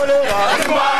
volera.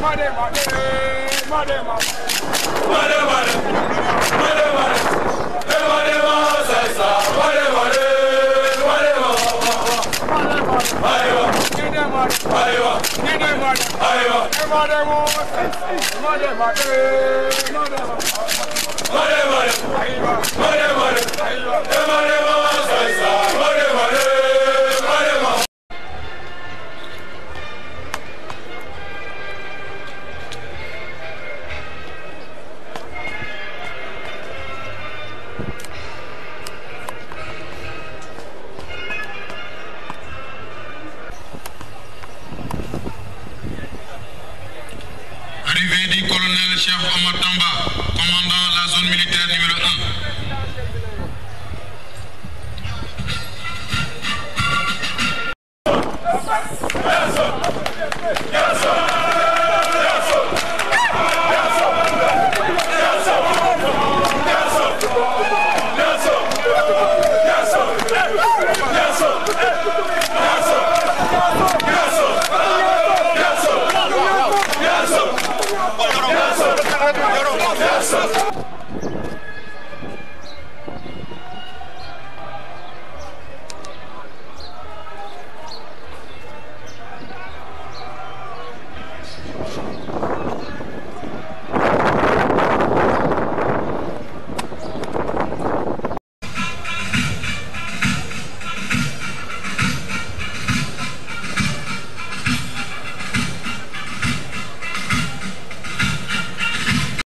Madem, madem, madem, madem, madem, madem, madem, madem, madem, Mare, mare, mare, mare, mare, colonel Cheikh Omar Tamba commandant la zone militaire numéro 1